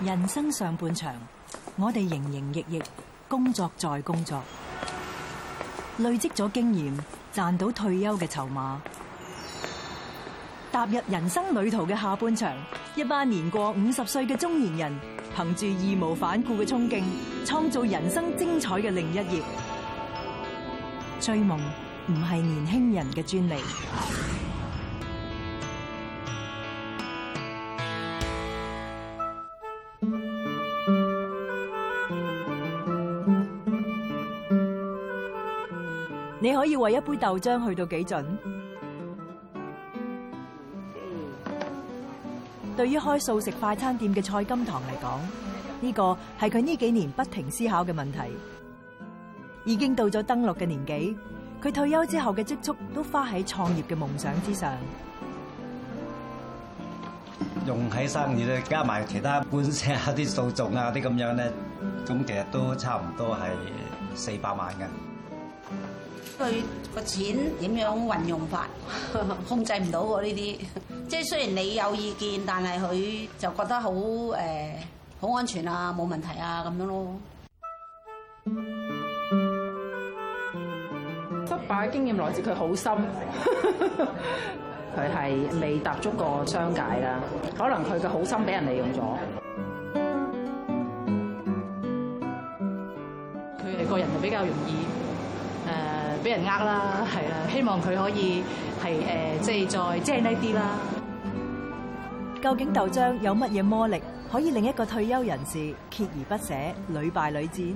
人生上半場，我哋營營役役，工作再工作，累積咗經驗，賺到退休嘅籌碼。踏入人生旅途嘅下半場，一班年過五十歲嘅中年人，憑住義無反顧嘅衝勁，創造人生精彩嘅另一頁。追夢唔係年輕人嘅專利。可以為一杯豆漿去到幾盡？對於開素食快餐店嘅蔡金棠嚟講，呢個係佢呢幾年不停思考嘅問題。已經到咗登六嘅年紀，佢退休之後嘅積蓄都花喺創業嘅夢想之上。用喺生意咧，加埋其他本息啊、啲訴訟啊、啲咁樣咧，咁其實都差唔多係四百萬嘅。佢個錢點樣運用法，控制唔到喎呢啲。即係雖然你有意見，但係佢就覺得好，誒，好安全啊，冇問題啊咁樣咯。失敗經驗來自佢好心，佢 係未踏足過商界啦。可能佢嘅好心俾人利用咗，佢哋個人就比較容易。俾人呃啦，係啦，希望佢可以係誒，即係再，即係呢啲啦。究竟豆漿有乜嘢魔力，可以令一個退休人士鍥而不捨，屢敗屢戰？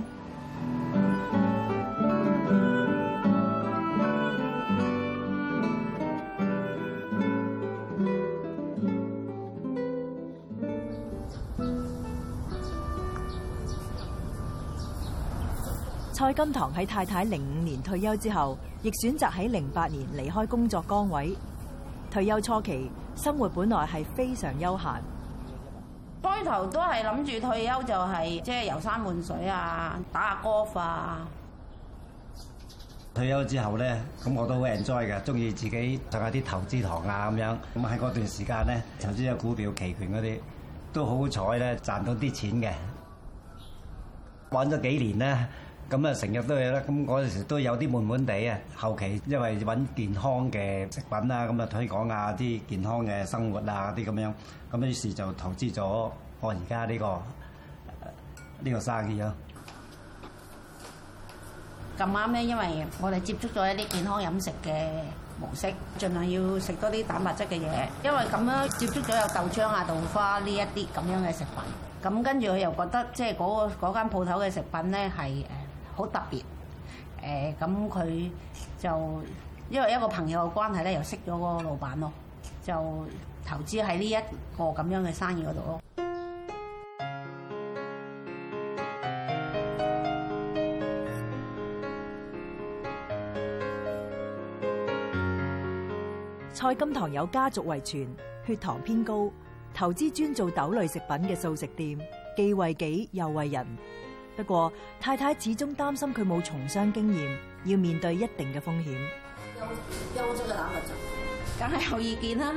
蔡金棠喺太太零五年退休之後，亦選擇喺零八年離開工作崗位。退休初期，生活本來係非常悠閒。開頭都係諗住退休就係即係遊山玩水啊，打下高爾夫啊。退休之後咧，咁我都好 enjoy 嘅，中意自己睇下啲投資堂啊咁樣。咁喺嗰段時間咧，甚至有股票期權嗰啲，都好彩咧賺到啲錢嘅。玩咗幾年咧。咁啊，成日都係啦。咁嗰陣時都有啲悶悶地啊。後期因為揾健康嘅食品啦，咁啊推廣下啲健康嘅生活啊，啲咁樣。咁於是就投資咗我而家呢個呢個生意咯。咁啱咧，因為我哋接觸咗一啲健康飲食嘅模式，儘量要食多啲蛋白質嘅嘢，因為咁樣接觸咗有豆漿啊、豆花呢一啲咁樣嘅食品。咁跟住佢又覺得，即係嗰個嗰間鋪頭嘅食品咧係誒。好特別，誒咁佢就因為一個朋友嘅關係咧，又識咗個老闆咯，就投資喺呢一個咁樣嘅生意嗰度咯。蔡金棠有家族遺傳，血糖偏高，投資專做豆類食品嘅素食店，既為己又為人。不過太太始終擔心佢冇從商經驗，要面對一定嘅風險。休休咗個膽咪梗係有意見啦。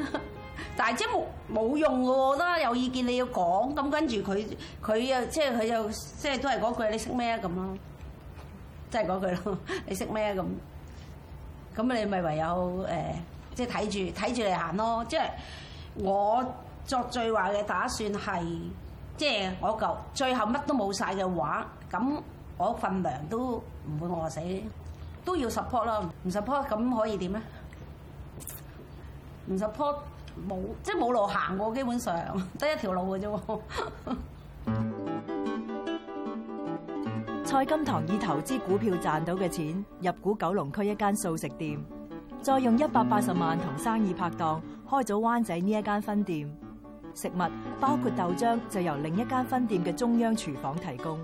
但係即係冇冇用噶，啦有意見你要講，咁跟住佢佢又即係佢又即係都係嗰句，你識咩啊，咁咯，即係嗰句咯，你識咩咁？咁你咪唯有誒，即係睇住睇住你行咯。即係我作最壞嘅打算係。即係我夠，最後乜都冇晒嘅話，咁我份糧都唔會餓死，都要 support 咯。唔 support 咁可以點咧？唔 support 冇，即係冇路行喎。基本上得一條路嘅啫喎。 蔡金棠以投資股票賺到嘅錢，入股九龍區一間素食店，再用一百八十萬同生意拍檔開咗灣仔呢一間分店。食物包括豆漿，就由另一間分店嘅中央廚房提供。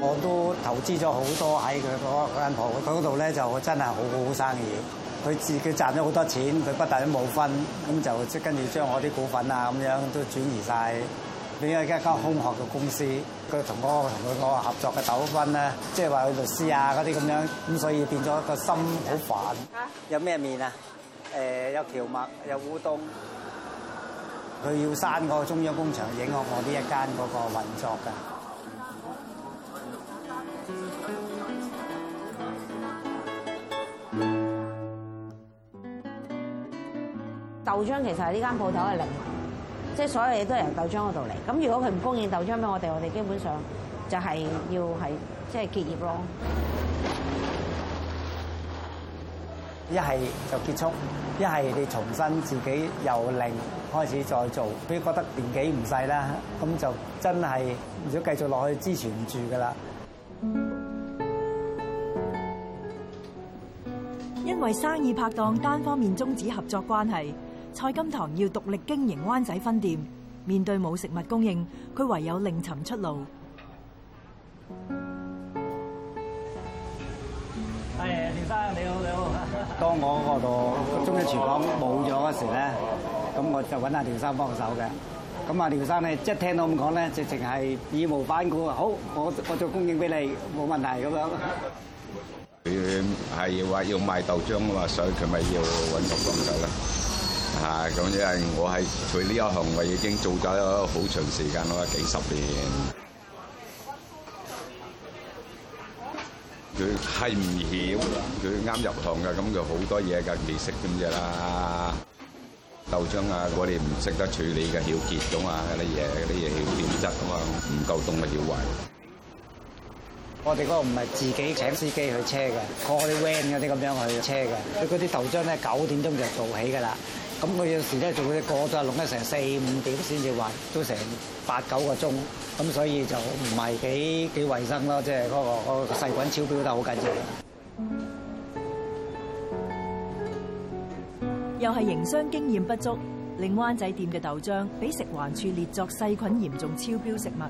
我都投資咗好多喺佢嗰嗰間鋪，佢嗰度咧就真係好好生意。佢自己賺咗好多錢，佢不但都冇分，咁就即跟住將我啲股份啊咁樣都轉移晒。變咗一家空殼嘅公司。佢同我同佢我合作嘅糾紛咧，即係話佢律師啊嗰啲咁樣，咁所以變咗個心好煩。有咩麵啊？誒，有蕎麥，有烏冬。佢要閂個中央工場，影響我呢一間嗰個運作㗎。豆漿其實係呢間鋪頭嘅靈魂，即係所有嘢都由豆漿嗰度嚟。咁如果佢唔供應豆漿俾我哋，我哋基本上就係要係即係結業咯。一係就結束，一係你重新自己由零開始再做。佢覺得年紀唔細啦，咁就真係如果繼續落去支持唔住噶啦。因為生意拍檔單方面終止合作關係，蔡金棠要獨立經營灣仔分店，面對冇食物供應，佢唯有另尋出路。當我嗰度中央廚房冇咗嗰時咧，咁我就揾阿廖生幫手嘅。咁啊，廖生咧一聽到咁講咧，直情係義無反顧啊！好，我我做供應俾你，冇問題咁樣。佢係話要賣豆漿啊嘛，所以佢咪要揾我幫手啦。啊，咁因為我係佢呢一行，我已經做咗好長時間啦，幾十年。佢係唔曉，佢啱入行嘅，咁就好多嘢噶未識咁嘅啦。豆漿啊，我哋唔識得處理嘅要結咁啊，嗰啲嘢嗰啲嘢要變質咁啊，唔夠凍咪要壞。我哋嗰個唔係自己請司機去車嘅，過啲 van 嗰啲咁樣去車嘅。佢嗰啲豆漿咧，九點鐘就做起㗎啦。咁佢有時咧做嗰啲過咗，弄得成四五點先至還，都成八九個鐘。咁所以就唔係幾幾衞生咯，即係嗰個細菌超標得好緊張。又係營商經驗不足，令灣仔店嘅豆漿俾食環處列作細菌嚴重超標食物。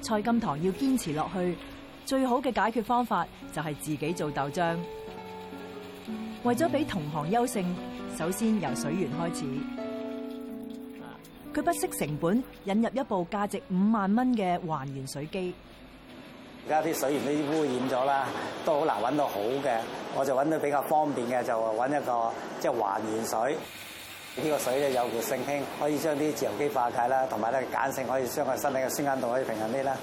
蔡金棠要堅持落去，最好嘅解決方法就係自己做豆漿。為咗俾同行優勝。首先由水源開始，佢不惜成本引入一部價值五萬蚊嘅還原水機。而家啲水源都污染咗啦，都好難揾到好嘅，我就揾到比較方便嘅，就揾一個即係還原水。呢個水咧有活性氫，可以將啲自由基化解啦，同埋咧鹼性可以將個身體嘅酸鹼度可以平衡啲啦。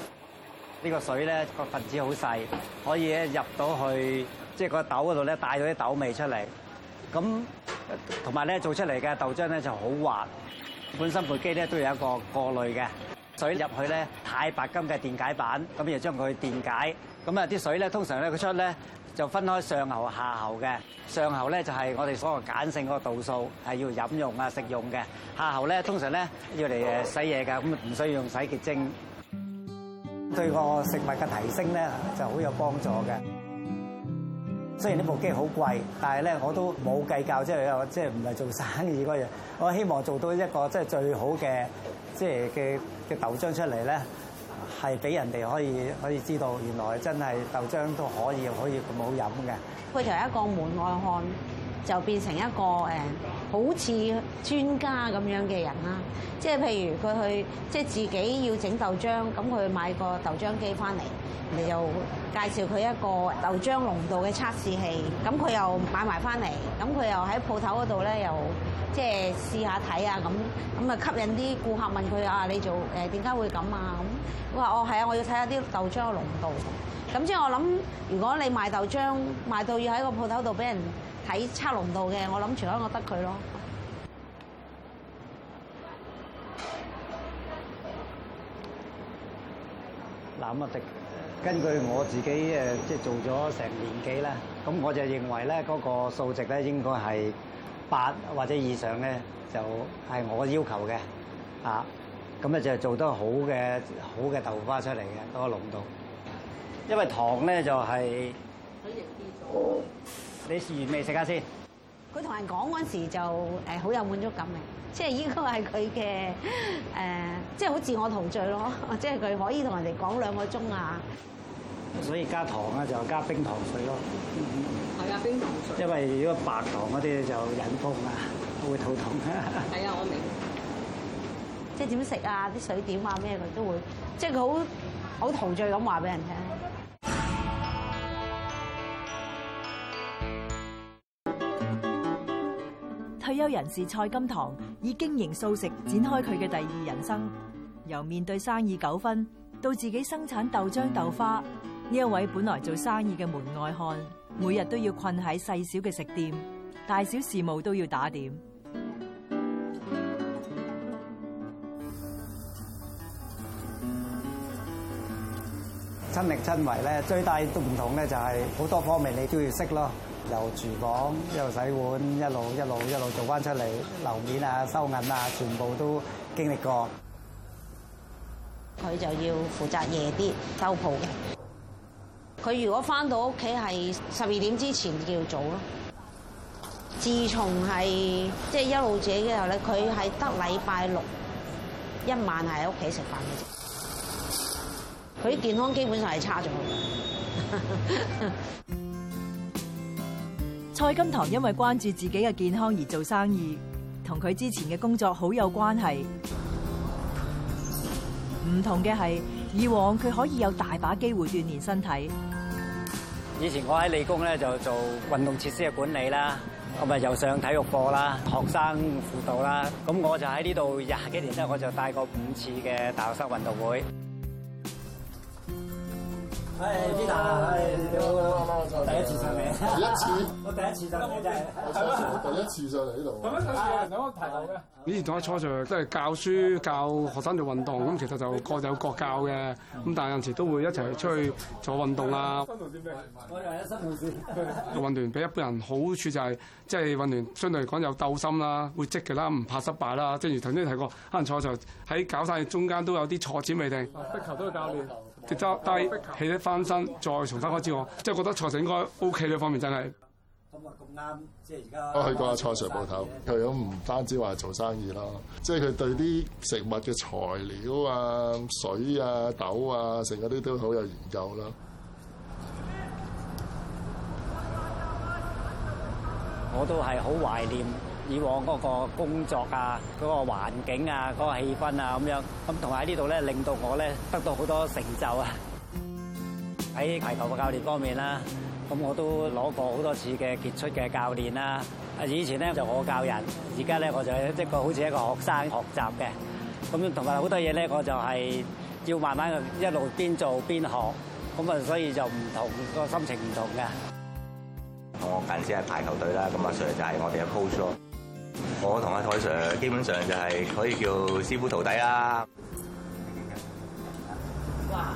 呢個水咧個分子好細，可以咧入到去即係、就是、個豆嗰度咧帶咗啲豆味出嚟，咁。同埋咧做出嚟嘅豆漿咧就好滑，本身部機咧都有一個過濾嘅水入去咧太白金嘅電解板，咁就將佢電解，咁啊啲水咧通常咧佢出咧就分開上喉下喉嘅，上喉咧就係我哋所謂鹼性嗰個度數，係要飲用啊食用嘅，下喉咧通常咧要嚟誒洗嘢㗎，咁唔需要用洗潔精，對個食物嘅提升咧就好有幫助嘅。雖然呢部機好貴，但係咧我都冇計較，即係即係唔係做生意嗰樣。我希望做到一個即係最好嘅，即係嘅嘅豆漿出嚟咧，係俾人哋可以可以知道，原來真係豆漿都可以可以咁好飲嘅。佢由一個門外漢就變成一個誒，好似專家咁樣嘅人啦。即係譬如佢去，即係自己要整豆漿，咁佢買個豆漿機翻嚟。你又介紹佢一個豆漿濃度嘅測試器，咁佢又買埋翻嚟，咁佢又喺鋪頭嗰度咧，又即係試下睇啊，咁咁啊吸引啲顧客問佢啊，你做誒點解會咁啊？咁佢話哦，係啊，我要睇下啲豆漿嘅濃度。咁即係我諗，如果你賣豆漿賣到要喺個鋪頭度俾人睇測濃度嘅，我諗除咗我得佢咯。諗啊的。根據我自己誒，即係做咗成年幾啦，咁我就認為咧，嗰個數值咧應該係八或者以上咧，就係我要求嘅啊。咁咧就做得好嘅好嘅豆花出嚟嘅嗰個濃度，因為糖咧就係。水液偏多。你試完未食下先？佢同人講嗰陣時就誒好有滿足感嘅。即係依個係佢嘅誒，即係好自我陶醉咯，即係佢可以同人哋講兩個鐘啊。所以加糖啊，就加冰糖水咯。係啊，冰糖水。因為如果白糖嗰啲就引風啊，會肚痛是怎吃。係啊，我明。即係點食啊？啲水點啊？咩佢都會，即係佢好好陶醉咁話俾人聽。退休人士蔡金棠以經營素食展開佢嘅第二人生，由面對生意糾紛到自己生產豆漿豆花，呢一位本來做生意嘅門外漢，每日都要困喺細小嘅食店，大小事務都要打點，親力親為咧，最大都唔同咧，就係好多方面你都要識咯。由廚房一路洗碗，一路一路一路做翻出嚟樓面啊、收銀啊，全部都經歷過。佢就要負責夜啲收鋪嘅。佢如果翻到屋企係十二點之前就叫做早咯。自從係即係一路做嘅時候咧，佢係得禮拜六一晚係喺屋企食飯嘅啫。佢啲健康基本上係差咗。 蔡金棠因為關注自己嘅健康而做生意，同佢之前嘅工作好有關係。唔同嘅係，以往佢可以有大把機會鍛煉身體。以前我喺理工咧就做運動設施嘅管理啦，同埋又上體育課啦、學生輔導啦。咁我就喺呢度廿幾年咧，我就帶過五次嘅大學生運動會。第一次上嚟。第一次，我第一次上嚟就第一次上嚟呢度。以前同喺初上即係教書教學生做運動，咁其實就各有各教嘅。咁但有陣時都會一齊出去做運動啊。新同事，我係運動員比一般人好處就係，即係運動員相對嚟講有鬥心啦，會積極啦，唔怕失敗啦。正如頭先提過，可能初上喺搞晒，中間都有啲挫折未定。足球都有教練。跌咗低，但起得翻身，再重新開始我，即係覺得素食應該 OK 呢方面真係。咁話咁啱，即係而家。我去過阿蔡 sir 鋪頭，佢有唔單止話做生意咯，即係佢對啲食物嘅材料啊、水啊、豆啊，成個啲都好有研究啦。我都係好懷念。以往嗰個工作啊，嗰個環境啊，嗰個氣氛啊咁樣，咁同埋喺呢度咧，令到我咧得到好多成就啊！喺排球嘅教練方面啦，咁我都攞過好多次嘅傑出嘅教練啦。啊，以前咧就我教人，而家咧我就係一個好似一個學生學習嘅，咁同埋好多嘢咧，我就係要慢慢一路邊做邊學，咁啊，所以就唔同個心情唔同嘅。我近先係排球隊啦，咁啊，所以就係我哋嘅 Coach 我同阿棠 sir 基本上就係可以叫師傅徒弟啦。哇！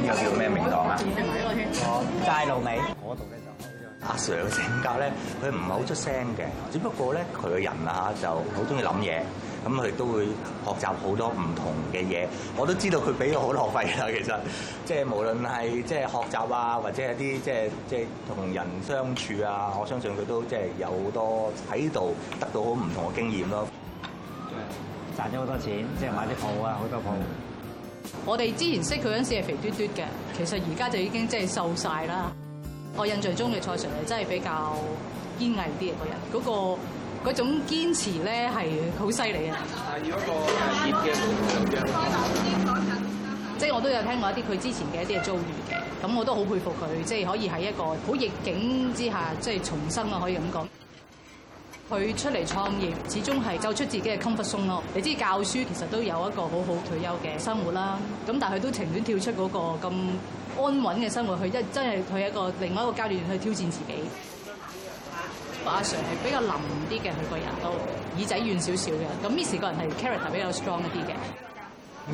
呢個叫咩名堂啊？大路尾。嗰度咧就阿 sir 嘅性格咧，佢唔係好出聲嘅，只不過咧佢個人啊就好中意諗嘢。咁佢都會學習好多唔同嘅嘢，我都知道佢俾咗好多學費啦，其實，即係無論係即係學習啊，或者係啲即係即係同人相處啊，我相信佢都即係有多喺度得到好唔同嘅經驗咯。賺咗好多錢，即係買啲鋪啊，好多鋪。我哋之前識佢嗰陣時係肥嘟嘟嘅，其實而家就已經即係瘦晒啦。我印象中嘅蔡 Sir 係真係比較堅毅啲嘅個人，嗰嗰種堅持咧係好犀利啊！啊，如果個業嘅，即係我都有聽過一啲佢之前嘅一啲嘅遭遇嘅，咁我都好佩服佢，即係可以喺一個好逆境之下，即係重生啊，可以咁講。佢出嚟創業，始終係走出自己嘅 comfort zone 咯。你知道教書其實都有一個好好退休嘅生活啦，咁但係佢都情願跳出嗰個咁安穩嘅生活去，他真真係去一個另外一個階段去挑戰自己。阿、啊、Sir 係比較腍啲嘅，佢個人都耳仔軟少少嘅。咁 Miss 個人係 character 比較 strong 啲嘅。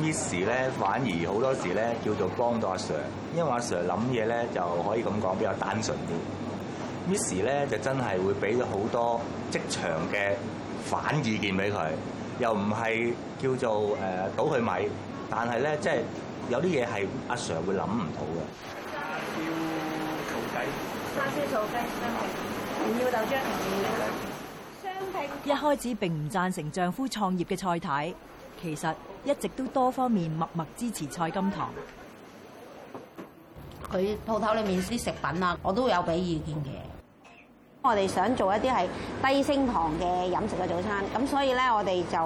Miss 咧反而好多時咧叫做幫到阿 Sir，因為阿 Sir 諗嘢咧就可以咁講比較單純啲。Miss 咧就真係會俾咗好多職場嘅反意見俾佢，又唔係叫做誒、呃、倒佢米，但係咧即係有啲嘢係阿 Sir 會諗唔到嘅。家沙司草雞，沙司草雞。一開始並唔贊成丈夫創業嘅蔡太，其實一直都多方面默默支持蔡金棠。佢鋪頭裏面啲食品呀，我都有俾意見嘅。我哋想做一啲係低升糖嘅飲食嘅早餐，咁所以咧我哋就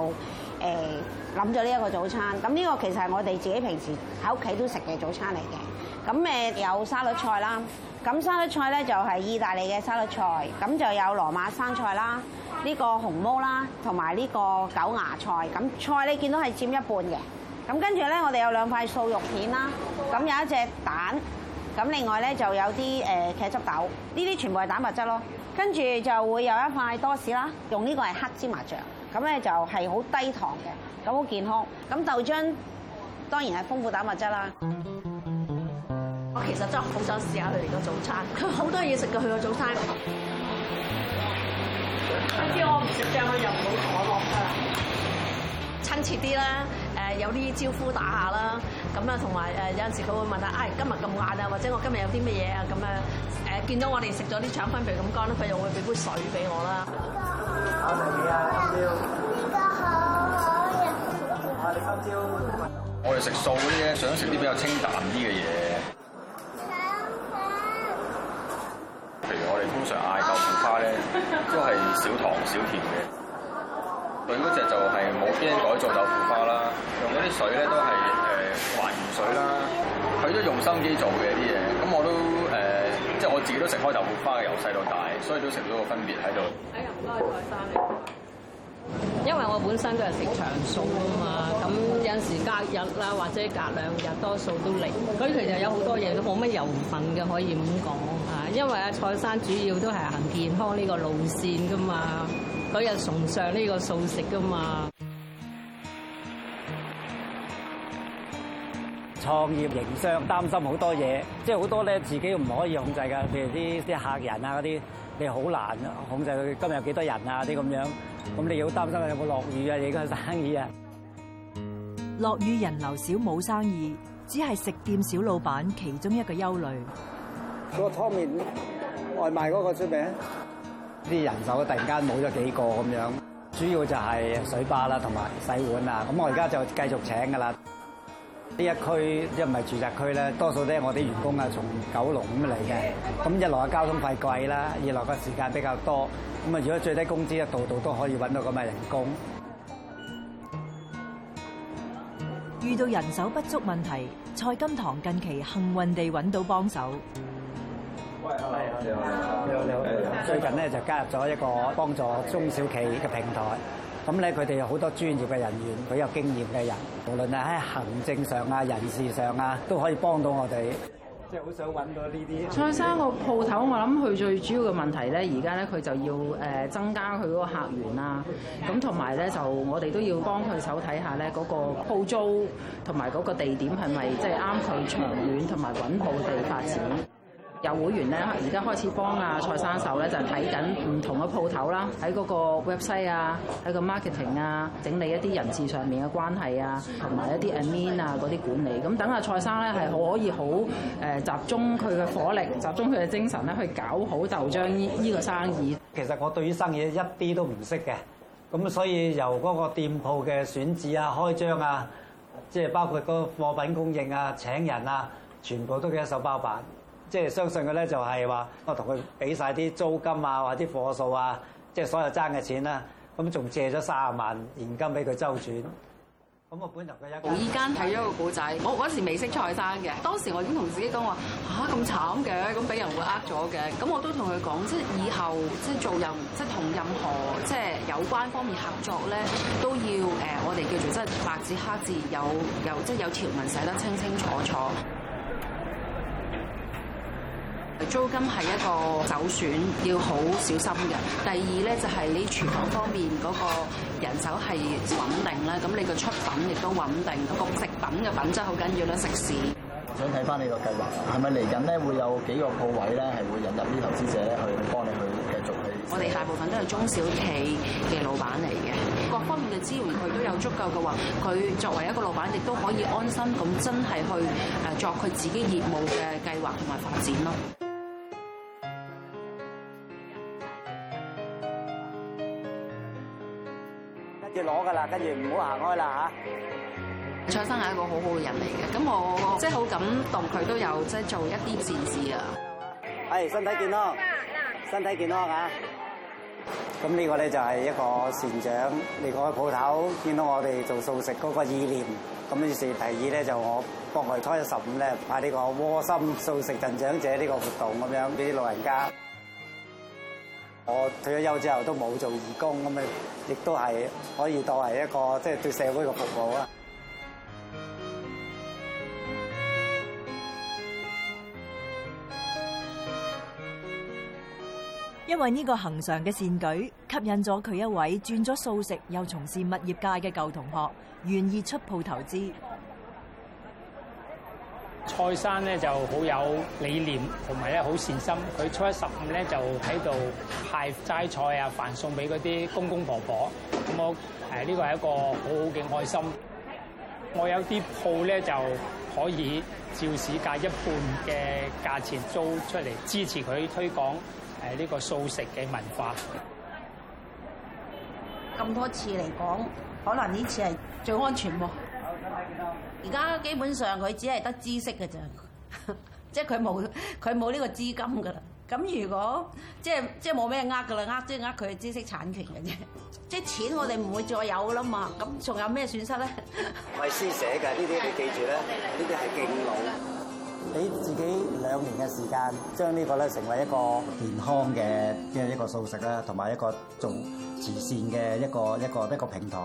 誒諗咗呢一個早餐。咁、這、呢個其實係我哋自己平時喺屋企都食嘅早餐嚟嘅。咁誒有沙律菜啦。咁沙律菜咧就係意大利嘅沙律菜，咁就有羅馬生菜啦，呢個紅毛啦，同埋呢個狗牙菜。咁菜呢你見到係佔一半嘅，咁跟住咧我哋有兩塊素肉片啦，咁有一隻蛋，咁另外咧就有啲誒茄汁豆，呢啲全部係蛋白質咯。跟住就會有一塊多士啦，用呢個係黑芝麻醬，咁咧就係好低糖嘅，咁好健康。咁豆漿當然係豐富蛋白質啦。其實真係好想試下佢哋個早餐，佢好多嘢食㗎佢個早餐。知我唔食醬，佢就唔好同我落啦。親切啲啦，誒有啲招呼打下啦，咁啦同埋誒有陣時佢會問下，唉，今日咁晏啊，或者我今日有啲乜嘢啊咁樣，誒見到我哋食咗啲腸粉皮咁乾，佢又會俾杯水俾我啦。呢個好呀。阿李三椒。我哋食素啲嘅，想食啲比較清淡啲嘅嘢。就嗌豆腐花咧，都係少糖少甜嘅。佢嗰隻就係冇基因改造豆腐花啦，用嗰啲水咧都係誒、呃、還原水啦。佢都用心機做嘅啲嘢，咁我都、呃、即係我自己都食開豆腐花嘅，由細到大，所以都食咗個個分別喺度。呀、哎，唔該晒嘅，因為我本身個人食長素。隔日啦，或者隔兩日，多數都嚟。咁其實有好多嘢都冇乜油分嘅，可以咁講嚇。因為阿蔡生主要都係行健康呢個路線噶嘛，佢又崇尚呢個素食噶嘛。創業營商擔心好多嘢，即係好多咧自己唔可以控制嘅，譬如啲啲客人啊嗰啲，你好難控制佢今日有幾多人啊啲咁樣。咁你好擔心有冇落雨啊？你個生意啊？落雨人流少冇生意，只係食店小老闆其中一個憂慮。個湯麵外賣嗰個出名，啲人手突然間冇咗幾個咁樣，主要就係水吧啦同埋洗碗啊。咁我而家就繼續請㗎啦。呢一區因唔係住宅區咧，多數都係我啲員工啊從九龍咁嚟嘅。咁一來個交通費貴啦，二來個時間比較多。咁啊，如果最低工資一度度都可以揾到咁嘅人工。遇到人手不足問題，蔡金棠近期幸運地揾到幫手。喂，你好，你好，你好，你好。最近咧就加入咗一個幫助中小企嘅平台，咁咧佢哋有好多專業嘅人員，佢有經驗嘅人，無論係喺行政上啊、人事上啊，都可以幫到我哋。即係好想揾到呢啲，蔡生個鋪頭，我諗佢最主要嘅問題咧，而家咧佢就要誒增加佢嗰個客源啦。咁同埋咧，就我哋都要幫佢手睇下咧嗰個鋪租同埋嗰個地點係咪即係啱佢長遠同埋穩步地發展。有會員咧，而家開始幫阿蔡生手咧，就睇緊唔同嘅鋪頭啦。喺嗰個 website 啊，喺個 marketing 啊，整理一啲人事上面嘅關係啊，同埋一啲 admin 啊嗰啲管理。咁等阿蔡生咧係可以好、呃、集中佢嘅火力，集中佢嘅精神咧去搞好豆漿呢呢個生意。其實我對於生意一啲都唔識嘅，咁所以由嗰個店鋪嘅選址啊、開張啊，即係包括個貨品供應啊、請人啊，全部都佢一手包辦。即係相信佢咧，就係話我同佢俾晒啲租金啊，或啲貨數啊，即係所有爭嘅錢啦、啊。咁仲借咗卅萬現金俾佢周轉。咁我本人嘅一,一個。我無意間睇咗個故仔，我嗰時未識蔡生嘅。當時我已經同自己講話吓，咁、啊、慘嘅，咁俾人會呃咗嘅。咁我都同佢講，即係以後即係做任即係同任何即係有關方面合作咧，都要誒我哋叫做即係白紙黑字有有即係有條文寫得清清楚楚。租金係一個首選，要好小心嘅。第二咧就係你廚房方面嗰個人手係穩定啦。咁你個出品亦都穩定，個食品嘅品質好緊要啦。食肆，我想睇翻你個計劃，係咪嚟緊咧會有幾個鋪位咧係會引入啲投資者去幫你去繼續喺？我哋大部分都係中小企嘅老闆嚟嘅，各方面嘅支援佢都有足夠嘅話，佢作為一個老闆亦都可以安心咁真係去誒作佢自己業務嘅計劃同埋發展咯。攞噶啦，跟住唔好行開啦嚇！蔡生係一個好好嘅人嚟嘅，咁我即係好感動佢都有即係做一啲善事啊！係身體健康，身體健康嚇！咁呢、這個咧就係一個善長，呢、這個鋪頭見到我哋做素食嗰個意念，咁於是第二咧就我國初一十五咧，派呢個窩心素食贈長者呢個活動咁樣俾啲老人家。我退咗休之後都冇做義工咁啊，亦都係可以當係一個即係對社會嘅服務啊。因為呢個恒常嘅善舉，吸引咗佢一位轉咗素食又從事物業界嘅舊同學，願意出鋪投資。蔡生咧就好有理念，同埋咧好善心。佢初一十五咧就喺度派齋菜啊，飯送俾嗰啲公公婆婆。咁我誒，呢個係一個好好嘅愛心。我有啲鋪咧就可以照市價一半嘅價錢租出嚟，支持佢推廣誒呢個素食嘅文化。咁多次嚟講，可能呢次係最安全喎。而家基本上佢只係得知識嘅咋， 即係佢冇佢冇呢個資金噶啦。咁如果即係即係冇咩呃噶啦，呃即係呃佢知識產權嘅啫。即係錢我哋唔會再有啦嘛。咁仲有咩損失咧？係施捨嘅呢啲， 呢啲你記住咧，呢啲係敬老，俾自己兩年嘅時間，將呢個咧成為一個健康嘅嘅一個素食啦，同埋一個做慈善嘅一個一個一個，一個平台。